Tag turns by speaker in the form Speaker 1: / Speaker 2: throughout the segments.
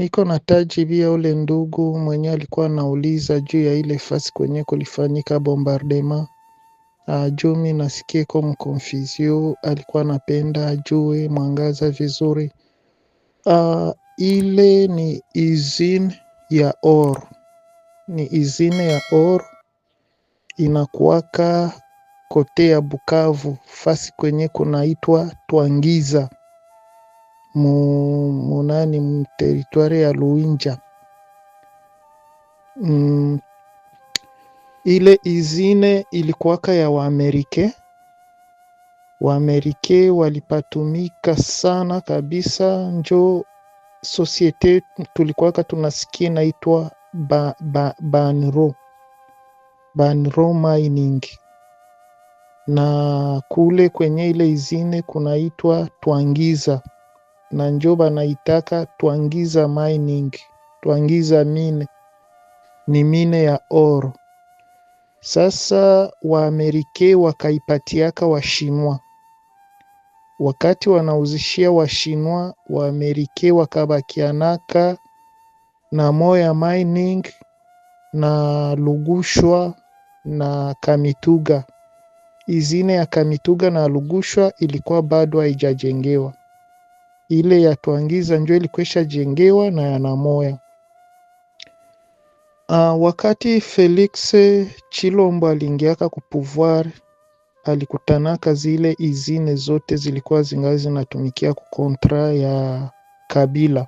Speaker 1: Niko na taji pia ule ndugu mwenye alikuwa anauliza juu ya ile fasi kwenye kulifanyika bombardema. Ah, juu mi nasikia iko mkonfusio, alikuwa anapenda ajue mwangaza vizuri. Uh, ile ni izine ya or, ni izine ya or inakuwaka kote ya Bukavu, fasi kwenye kunaitwa Twangiza munani mu ya Luinja mm. Ile izine ilikuwaka ya Waamerike. Waamerike walipatumika sana kabisa, njo sosiete tulikuwaka tunasikia inaitwa ba, ba, banro banro mining na kule kwenye ile izine kunaitwa Twangiza na njo banaitaka Twangiza mining. Twangiza mine ni mine ya oro. Sasa Waamerike wakaipatiaka Washinwa, wakati wanauzishia Washinwa, Waamerike wakabakianaka na Moya mining na Lugushwa na Kamituga. Izine ya Kamituga na Lugushwa ilikuwa bado haijajengewa ile yatwangiza njo ilikwisha jengewa na yanamoya. Uh, wakati Felix Chilombo aliingiaka kupouvoir alikutanaka zile izine zote zilikuwa zingazi zinatumikia ku kontra ya Kabila.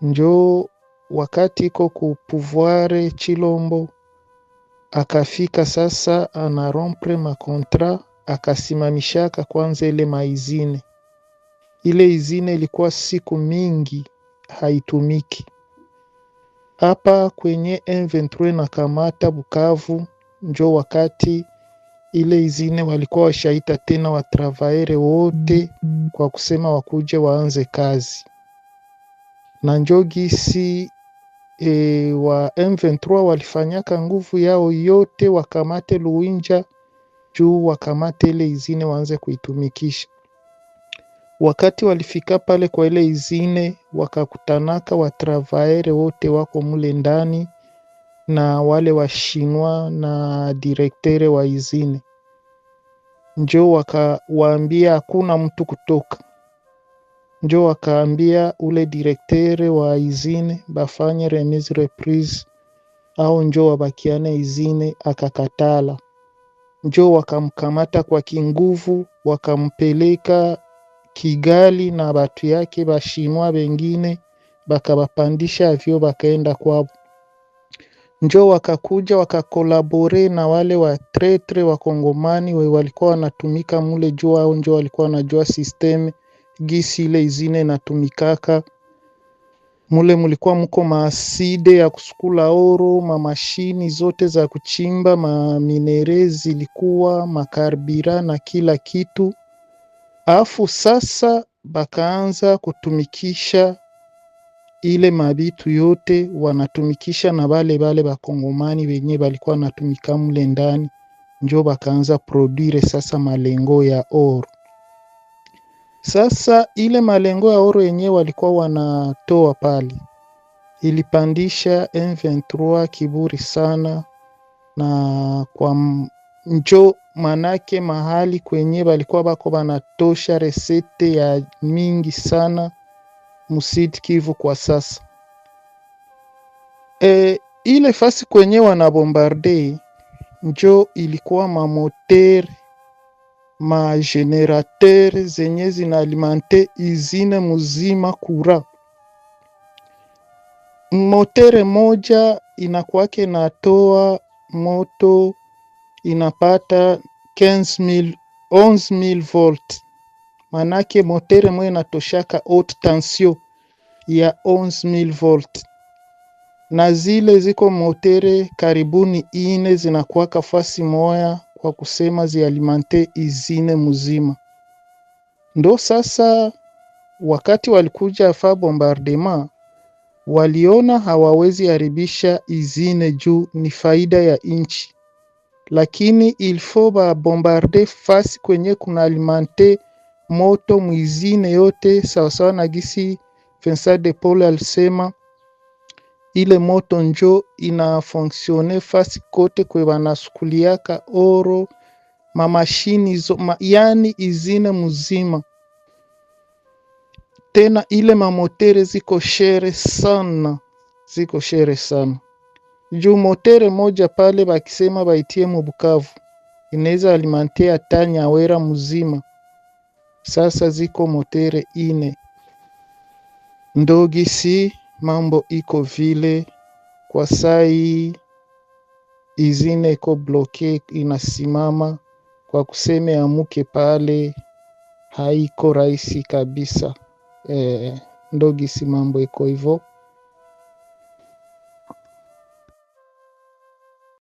Speaker 1: Njo wakati iko kupouvoir Chilombo akafika sasa, anarompre makontra, akasimamishaka kwanza ile maizine ile izina ilikuwa siku mingi haitumiki. Hapa kwenye M23 na kamata Bukavu, njo wakati ile izine walikuwa washaita tena watravaere wote kwa kusema wakuje waanze kazi na njogisi e, wa M23 walifanyaka nguvu yao yote wakamate Luinja juu wakamate ile izine waanze kuitumikisha. Wakati walifika pale kwa ile izine, wakakutanaka watravaere wote wako mule ndani na wale washinwa na direktere wa izine, njo wakawaambia hakuna mtu kutoka, njo wakaambia ule direktere wa izine bafanye remise reprise au njo wabakiane izine, akakatala. Njo wakamkamata kwa kinguvu wakampeleka Kigali na batu yake bashimwa bengine bakabapandisha vyo bakaenda kwabo, njo wakakuja wakakolabore na wale watretre wakongomani we walikuwa wanatumika mule juu au njo walikuwa wanajua system gisi ile izine natumikaka mule. Mulikuwa mko maaside ya kusukula oro, mamashini zote za kuchimba maminere zilikuwa makarbira na kila kitu afu sasa bakaanza kutumikisha ile mabitu yote wanatumikisha na bale bale bakongomani benye balikuwa natumika mule ndani, njo bakaanza produire sasa malengo ya oro. Sasa ile malengo ya oro yenye walikuwa wanatoa pale ilipandisha M23 kiburi sana, na kwa njo manake mahali kwenye balikuwa bako banatosha resete ya mingi sana musidi Kivu kwa sasa. E, ile fasi kwenye wana bombarde njo ilikuwa mamoter generateur zenye zinaalimente izine muzima kura motere moja inakuwake natoa moto inapata 11000 volt, manake motere mwe inatoshaka haute tension ya 11000 volt, na zile ziko motere karibuni ine zinakuwaka fasi moya, kwa kusema zialimante izine muzima. Ndo sasa wakati walikuja fa bombardement waliona hawawezi haribisha izine juu ni faida ya inchi lakini faut ba bombarder fasi kwenye kuna alimante moto mwizine yote sawasawa na gisi Vincent de Paul alisema ile moto njo inafonksione fasi kote kwe banasukuliaka oro mamashini zo ma, yani izine mzima tena ile mamotere ziko shere sana, ziko shere sana. Jumotere moja pale bakisema baitie mubukavu inaweza alimantea tanyawera mzima. Sasa ziko motere ine ndogisi, mambo iko vile kwa sai, izine iko bloke inasimama kwa kuseme amuke pale, haiko rahisi kabisa. E, eh, ndogisi mambo iko hivyo.